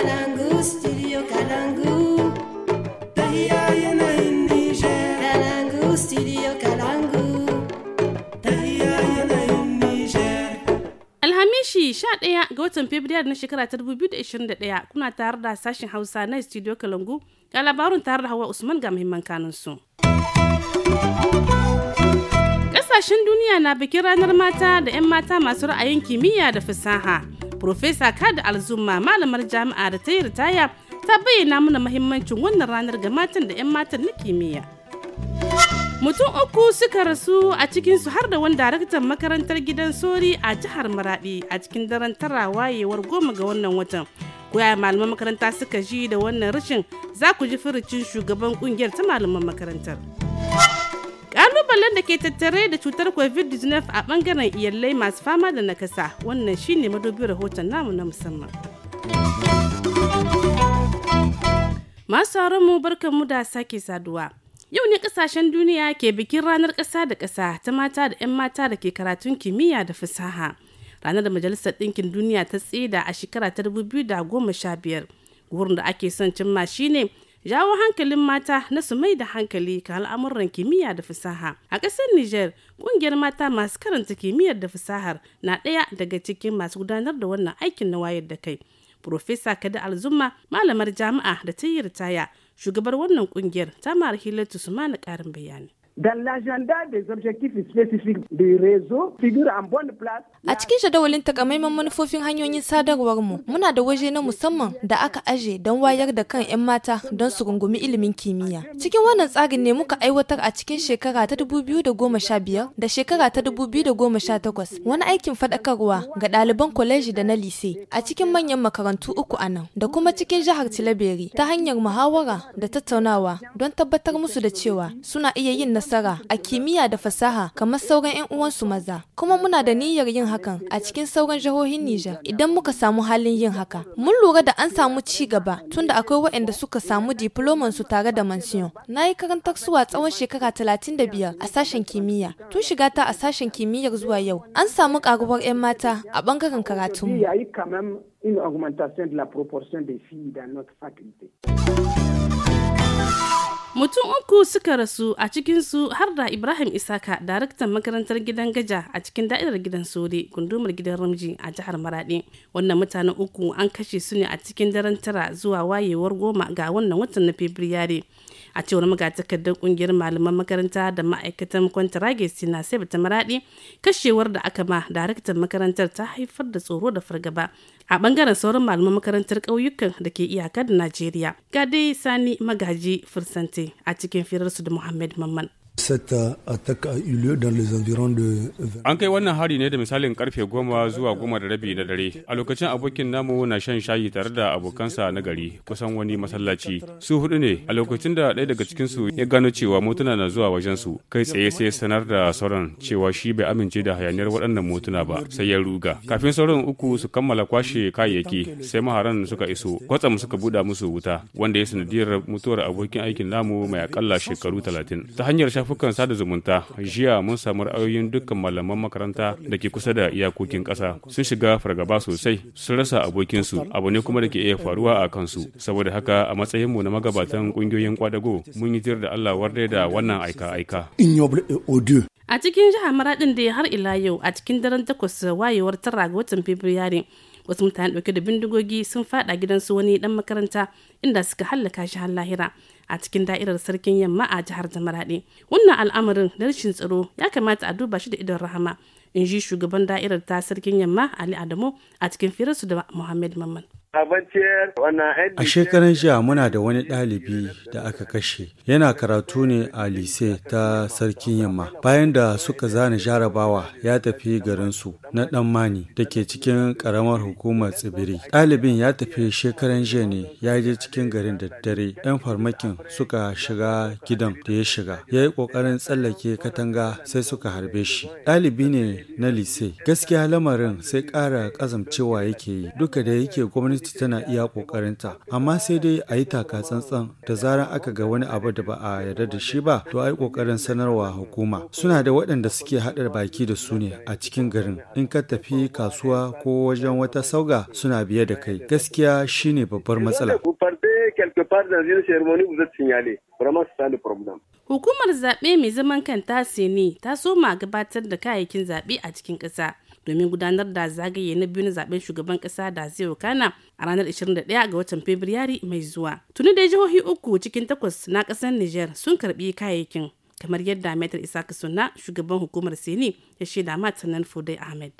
Kalangu, studio Kalangu. Alhamishi 11 ga watan Fabrairu na shekara ta 2021 kuna tare da sashen Hausa na studio Kalangu. Ga labarin tare da Hawa Usman ga muhimman kanunsu. Ƙasashen duniya na bikin ranar mata da 'yan mata masu ra'ayin kimiyya da fasaha. Profesa Kad Alzuma malamar jami'a da ta yi ritaya ta bayyana mana mahimmancin wannan ranar ga matan da 'yan matan na kimiyya. Mutum uku suka rasu a cikinsu har da wani daraktan makarantar gidan Sori a jihar Maradi a cikin daren tara wayewar goma ga wannan watan. Koya malaman makaranta suka ji da wannan rashin za ku ji furucin shugaban kungiyar ta malaman makarantar. Kalubalen da ke tattare da cutar COVID-19 a bangaren iyalai masu fama da nakasa wannan shine madobin rahoton namu na musamman. Masu mu barkanmu da sake saduwa. Yau ne kasashen duniya ke bikin ranar kasa da kasa ta mata da 'yan mata da ke karatun kimiyya da fasaha. Ranar da Majalisar Ɗinkin Duniya ta tsida a shekara ta 2015. Gurin da ake son cimma shine ne jawo hankalin mata na su mai da hankali ka al'amuran kimiyya da fasaha a ƙasar niger ƙungiyar mata masu karanta kimiyyar da fasahar na ɗaya daga cikin masu gudanar da wannan aikin na wayar da kai profesa kada alzumma malamar jami'a da ta yi ritaya shugabar wannan ƙungiyar ta mara hilatu su mana ƙarin bayani Dans l'agenda des objectifs spécifiques du réseau figure en bonne place. A cikin jadawalin takamaiman manufofin hanyoyin sadarwar mu, muna da waje na musamman da aka aje don wayar da kan 'yan mata don su rungumi ilimin kimiyya. Cikin wannan tsarin ne muka aiwatar a cikin shekara ta 2015 da shekara ta 2018 wani aikin faɗakarwa ga ɗaliban kwaleji da na lise a cikin manyan makarantu uku a nan da kuma cikin jihar Tilaberi ta hanyar muhawara da tattaunawa don tabbatar musu da cewa suna iya yin nasara nasara a kimiyya da fasaha kamar sauran 'yan uwansu maza. Kuma muna da niyyar yin hakan a cikin sauran jihohin Nijar idan muka samu halin yin haka. Mun lura da an samu ci gaba tunda akwai waɗanda suka samu diploman su tare da mansiyon. Na yi karantar suwa tsawon shekara talatin da biyar a sashen kimiyya. Tun shiga ta a sashen kimiyyar zuwa yau an samu karuwar 'yan mata a ɓangaren karatunmu. la mutum uku suka rasu a cikinsu har da ibrahim isaka daraktan makarantar gidan gaja a cikin da'irar gidan sode gundumar gidan ramji a jihar maradi wannan mutanen uku an kashe su ne a cikin daren tara zuwa wayewar goma ga wannan watan na fabrairu a cewar magatakardar kungiyar malaman makaranta da ma'aikatan kwantarage sina sai ta maradi kashewar da aka ma daraktan makarantar ta haifar da tsoro da fargaba a bangaren sauran malaman makarantar ƙauyukan da ke iyakar da najeriya ga dai sani magaji fursante Sise a cikin firarsu da Muhammad Mamman. An kai wannan hari ne da misalin karfe goma zuwa goma da rabi na dare. A lokacin abokin namu na shan shayi tare da abokansa na gari kusan wani masallaci. Su hudu ne a lokacin da ɗaya daga cikinsu ya gano cewa motuna na zuwa wajen su kai tsaye sai sanar da sauran cewa shi bai amince da hayaniyar waɗannan motuna ba sai ya ruga. Kafin sauran uku su kammala kwashe kayayyaki sai maharan suka iso kwatsam suka buɗa musu wuta wanda ya sanadiyar mutuwar abokin aikin namu mai akalla shekaru talatin ta hanyar shafa shafukan sada zumunta jiya mun samu ra'ayoyin dukkan malaman makaranta da ke kusa da iyakokin ƙasa sun shiga fargaba sosai sun rasa abokinsu abu ne kuma da ke iya faruwa a kansu saboda haka a matsayinmu na magabatan kungiyoyin kwadago mun yi jir da Allah wardai da wannan aika-aika. A cikin jiha Maradin da har ila yau a cikin daren takwas wayewar tara ga watan Fabrairu wasu mutane dauke da bindigogi sun fada gidansu wani dan makaranta inda suka hallaka shi har lahira. a cikin da'irar sarkin yamma a jihar Jamaraɗe. Wannan al'amarin na rashin tsaro ya kamata a duba shi da idon rahama, in ji shugaban da'irar ta sarkin yamma Ali Adamu a cikin firarsu da Muhammad Mamman. A shekaran jiya muna da wani ɗalibi da aka kashe. Yana karatu ne a lise ta Sarkin Yamma. Bayan da suka zana jarabawa ya tafi garinsu na ɗan mani da ke cikin ƙaramar hukumar tsibiri. Ɗalibin ya tafi shekaran jiya ne ya je cikin garin da dare. 'Yan farmakin suka shiga gidan da ya shiga. Ya yi ƙoƙarin tsallake katanga sai suka harbe shi. Ɗalibi ne na lise. Gaskiya lamarin sai ƙara ƙazamcewa yake yi. Duka da yake gwamnati gwamnati tana iya ƙoƙarinta amma sai dai a yi taka tsantsan da zaran aka ga wani abu da ba a yarda da shi ba to a yi ƙoƙarin sanarwa hukuma suna da waɗanda suke haɗa baki da su ne a cikin garin in ka tafi kasuwa ko wajen wata sauga suna biye da kai gaskiya shine babbar matsala Hukumar zaɓe mai zaman kanta ne ta soma gabatar da kayayyakin zaɓe a cikin ƙasa. domin gudanar da zagaye na biyu na zaben shugaban kasa da zai wakana a ranar 21 ga watan fabrairu mai zuwa tuni dai jihohi uku cikin takwas na kasar niger sun karbi kayayyakin kamar yadda metar isaka sunna shugaban hukumar sini ya shaida ma sanan Fudai Ahmed.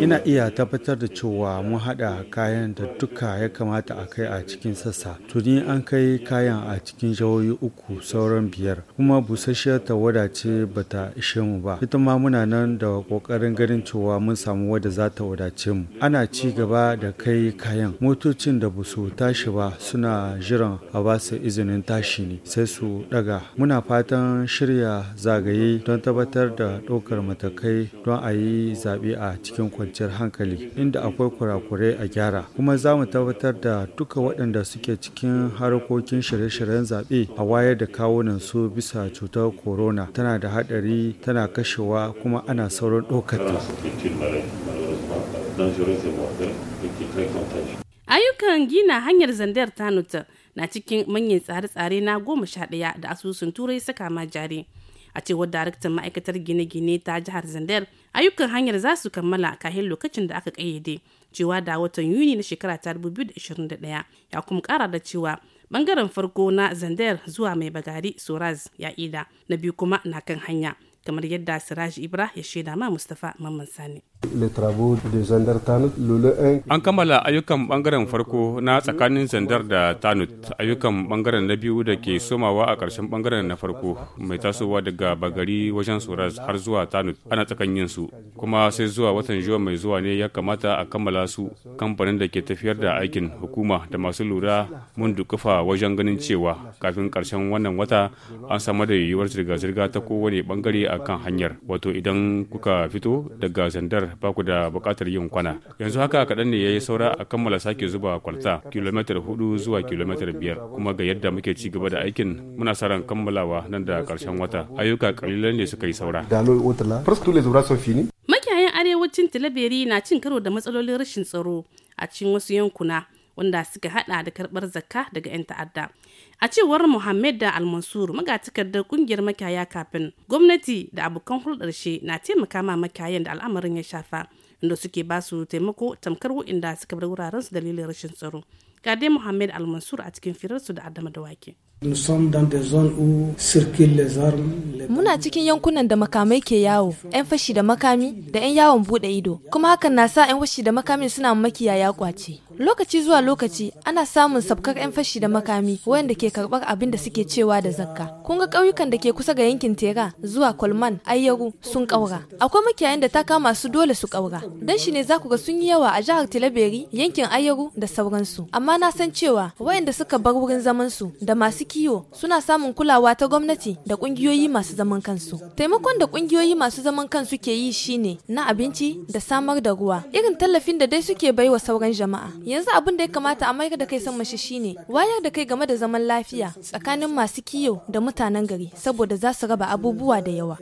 Ina iya tabbatar da cewa mun haɗa kayan da duka ya kamata a kai a cikin sassa. Tuni an kai kayan a cikin jawoyi uku sauran biyar, kuma busasshiyar tawada ce bata ishe mu ba. Ita ma muna nan da ƙoƙarin ganin cewa mun samu wadda za ta wadace mu. Ana ci gaba da kai kayan. Motocin da busu tashi ba suna jiran a ba su izinin tashi ne sai su daga. Muna fatan shirya zagaye don tabbatar da ɗaukar matakai don a yi zaɓe a cikin kwanciyar hankali inda akwai kurakurai a gyara kuma za mu tabbatar da duka waɗanda suke cikin harkokin shirye-shiryen zaɓe a wayar da kawunan su bisa cutar corona tana da haɗari tana kashewa kuma ana sauran ɗaukar ayyukan gina hanyar zandar tanuta na cikin manyan tsare-tsare na goma sha ɗaya da asusun turai saka ma jari a cewar daraktan ma'aikatar gine-gine ta jihar zander ayyukan hanyar za su kammala kahin lokacin da aka kayyade cewa da watan yuni na shekara ta 2021 ya kuma kara da cewa bangaren farko na zander zuwa mai bagari soraz ya ida na biyu kuma na kan hanya kamar yadda siraj ibra ya shaida ma mustapha mamman sani An kammala ayyukan bangaren farko na tsakanin Zandar da Tanut, ayyukan bangaren na biyu da ke somawa a ƙarshen bangaren na farko mai tasowa daga bagari wajen Suras har zuwa Tanut ana tsakanin su, kuma sai zuwa watan Juwa mai zuwa ne ya kamata a kammala su kamfanin da ke tafiyar da aikin hukuma da masu lura mun dukufa wajen ganin cewa kafin ƙarshen wannan wata an samar da yiwuwar zirga-zirga ta kowane bangare akan hanyar, wato idan kuka fito daga Zandar ba ku da bukatar yin kwana yanzu haka kaɗan ne ya yi saura a kammala sake zuba kwalta kilomitar hudu zuwa kilomitar biyar kuma ga yadda muke ci gaba da aikin muna sa ran kammalawa nan da karshen wata ayyuka ƙalilan ne suka yi saura. Makiyayan arewacin Tilaberi na cin karo da matsalolin rashin tsaro a cikin wasu yankuna wanda suka hada da karbar zakka daga 'yan ta'adda a cewar muhammed da almansur da kungiyar makaya kafin gwamnati da abokan hulɗar shi na taimaka ma makayan da al'amarin ya shafa inda suke ba su taimako tamkar waɗanda suka bar wuraren su dalilin rashin tsaro ga dai muhammed almansur a cikin firarsu da adama da wake Muna cikin yankunan da makamai ke yawo, 'yan fashi da makami da 'yan yawon bude ido, kuma hakan na sa 'yan fashi da makamin suna makiyaya kwace. Lokaci zuwa lokaci ana samun sabkar 'yan fashi da makami wayanda ke karɓar abin da suke cewa da zakka. Kun ga ƙauyukan da ke kusa ga yankin Tera zuwa Kolman, Ayyaru sun ƙaura. Akwai makiyayan da ta kama su dole su ƙaura. Dan shi ne za ku ga sun yi yawa a jihar Tilaberi, yankin Ayyaru da sauransu. Amma na san cewa wayanda suka bar wurin zaman su da masu kiwo suna samun kulawa ta gwamnati da ƙungiyoyi masu zaman kansu. Taimakon da ƙungiyoyi masu zaman kansu ke yi shine na abinci da samar da ruwa. Irin tallafin da dai suke baiwa sauran jama'a. yanzu abin da ya kamata a mayar da kai sama shi shine wayar da kai game da zaman lafiya tsakanin masu kiyo da mutanen gari saboda za su raba abubuwa da yawa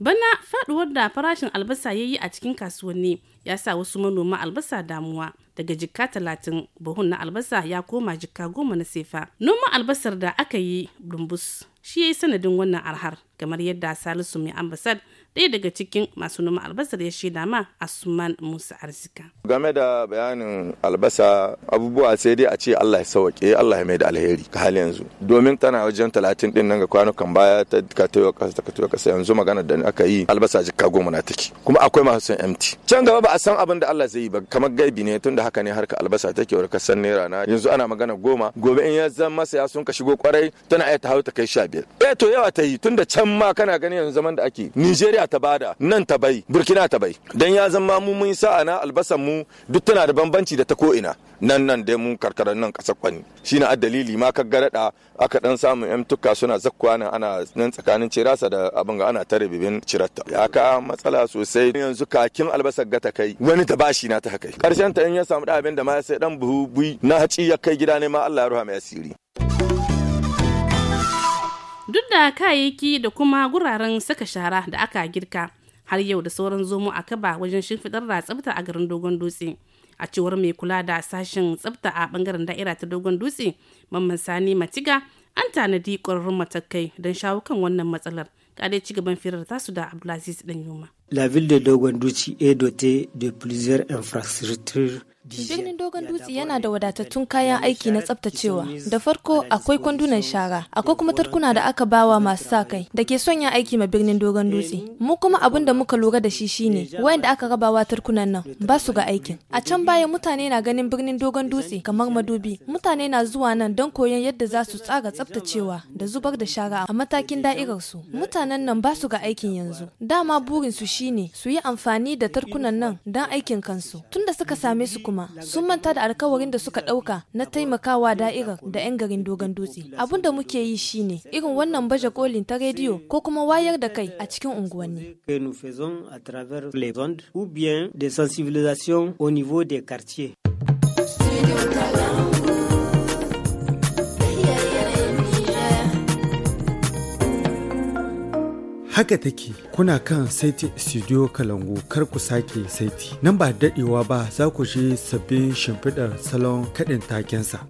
bana faduwar da farashin albasa ya yi a cikin kasuwanni ya sa wasu manoma albasa damuwa daga jikka talatin buhun na albasa ya koma jikka goma na sefa noman albasar da aka yi dumbus shi ya yi sanadin wannan arhar kamar yadda salisu mai ambasad ɗaya daga cikin masu noma da ya shaida ma asuman musa arzika game da bayanin albasa abubuwa sai dai a ce allah ya sauke allah ya mai da alheri ka hali yanzu domin tana wajen talatin din nan ga kwanukan baya ta katayo kasa ta kasa yanzu magana da aka yi albasa jikka goma na take kuma akwai masu son mt can gaba ba a san abin da allah zai yi ba kamar gaibi ne tunda haka ne harka albasa take wani san naira na yanzu ana magana goma gobe in ya masa ya sun ka shigo kwarai tana iya ta hau ta kai sha biyar eh to yawa ta yi tunda can ma kana ganin yanzu zaman da ake nigeria ta bada nan ta bai Burkina ta bai dan ya zama mu mun sa'a na albasan mu duk tana da bambanci da ta ko ina nan nan dai mun karkaran nan kasar kwani shine addalili ma ka garada aka dan samu yan tukka suna zakkuwa nan ana nan tsakanin cirasa da abin ga ana tare bibin cirarta ya ka matsala sosai yanzu kakin albasar ga ta kai wani ta bashi na ta kai karshen ta in ya samu da abin da ma sai dan buhu na haci ya kai gida ne ma Allah ya ruha mai asiri duk da kayayyaki da kuma guraren saka shara da aka girka har yau da sauran zomo a kaba wajen shimfiɗar da tsabta a garin dogon dutse a cewar mai kula da sashen tsabta a bangaren da'ira ta dogon dutse mamman sani matiga an tanadi ƙwararrun matakai don shawo kan wannan matsalar kare ci gaban firar tasu da abdulaziz dan yuma la ville de dogon dutse est dotée de plusieurs infrastructures Birnin Dogon Dutse yana da wadatattun kayan aiki na tsaftacewa. Da farko akwai kwandunan shara, akwai kuma tarkuna da aka bawa masu sa kai da ke son yin aiki ma birnin Dogon Dutse. Mu kuma abin da muka lura da shi shine wayanda aka rabawa tarkunan nan ba su ga aikin. A can baya mutane na ganin birnin Dogon Dutse kamar madubi. Mutane na zuwa nan don koyon yadda za su tsara tsaftacewa da zubar da shara a matakin da'irar su. Mutanen nan ba su ga aikin yanzu. Dama burin su shine su yi amfani da tarkunan nan don aikin kansu. Tunda suka same su kuma sun manta da alkawarin da suka ɗauka na taimakawa da'irar da 'yan garin dogon dutse. Abin da muke yi shine irin wannan baje kolin ta rediyo ko kuma wayar da kai a cikin unguwanni. Nous faisons à travers les ondes ou bien des sensibilisations au niveau des quartiers. haka take kuna kan saiti studio kalangu kar ku sake saiti nan ba dadewa ba za ku shi sabbin shimfiɗar salon kaɗin takensa.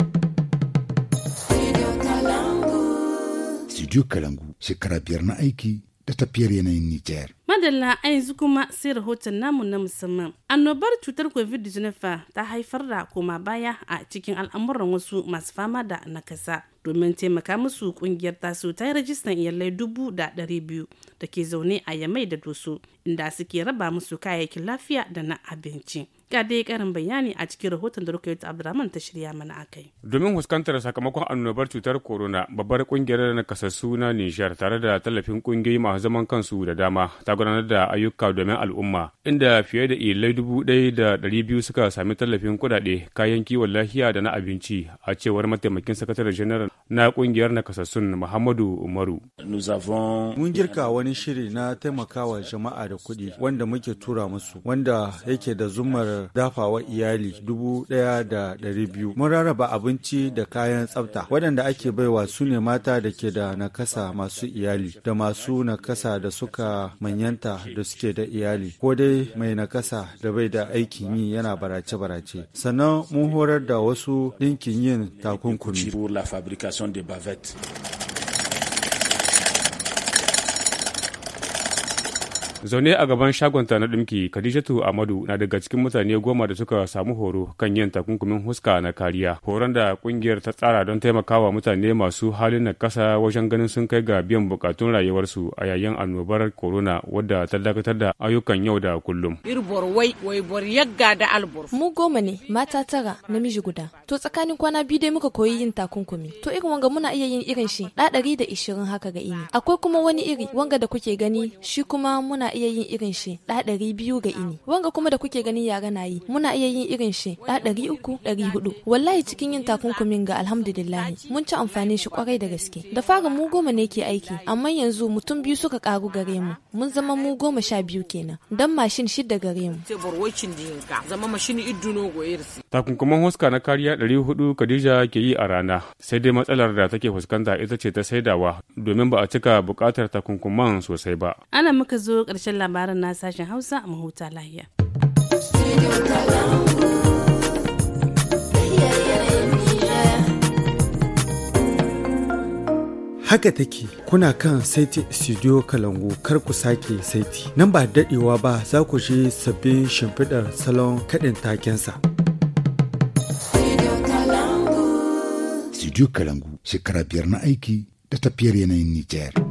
Studio Kalangu shekara biyar na aiki da tafiyar yanayin Nijar. Madalla a yanzu kuma sai rahoton namu na musamman. Annobar cutar COVID-19 ta haifar da koma baya a cikin al'amuran wasu masu fama da nakasa. domin taimaka musu kungiyar tasu ta yi rajistan iyalai dubu da ɗari biyu da ke zaune a yamai da doso inda suke raba musu kayayyakin lafiya da na abinci ga dai karin bayani a cikin rahoton da Rukayat Abdulrahman ta shirya mana akai. Domin fuskantar sakamakon annobar cutar corona, babbar kungiyar nakasassu na niger tare da tallafin kungiyoyi masu zaman kansu da dama ta gudanar da ayyuka domin al'umma, inda fiye da ilai dubu ɗaya da ɗari biyu suka sami tallafin kuɗaɗe, kayan kiwon lafiya da na abinci, a cewar mataimakin sakatare general na kungiyar na nakasassun Muhammadu Umaru. Mun girka wani shiri na taimakawa jama'a da kuɗi wanda muke tura musu, wanda yake da zumar hanyar dafawa iyali dubu ɗaya da ɗari biyu. Mun rarraba abinci da kayan tsafta waɗanda ake baiwa su ne mata da ke da nakasa masu iyali da masu nakasa da suka manyanta da suke da iyali ko dai mai nakasa da bai da aikin yi yana barace-barace. Sannan mun horar da wasu ɗinkin yin takunkumi. Zaune a gaban shagonta na dimki Khadijatu Amadu na daga cikin mutane goma da suka samu horo kan yin takunkumin huska na kariya. Horon da kungiyar ta tsara don taimakawa mutane masu halin na kasa wajen ganin sun kai ga biyan bukatun rayuwarsu a yayin annobar corona wadda ta dakatar da ayyukan yau da kullum. Mu goma ne, mata tara, namiji guda. To tsakanin kwana biyu dai muka koyi yin takunkumi. To irin wanga muna iya yin irin shi, ɗa ɗari da ishirin haka ga ini. Akwai kuma wani iri wanga da kuke gani, shi kuma muna iya yin irin shi ɗari biyu ga ini wanga kuma da kuke ganin yara na yi muna iya yin irin shi ɗa ɗari uku ɗari hudu wallahi cikin yin takunkumin ga alhamdulillahi mun ci amfani shi kwarai da gaske da fara mu goma ne ke aiki amma yanzu mutum biyu suka karu gare mu mun zama mu goma sha biyu kenan dan mashin shida gare mu takunkuman huska na kariya ɗari hudu kadija ke yi a rana sai dai matsalar da take fuskanta ita ce ta saidawa domin ba a cika bukatar takunkuman sosai ba ana muka zo ƙarshen takaitaccen labarin na sashen hausa a mahuta lahiya. haka take kuna kan saiti studio kalangu kar ku sake saiti nan ba daɗewa ba za ku je sabbin shimfiɗar salon kaɗin takensa. studio kalangu shekara biyar na aiki da tafiyar yanayin nijar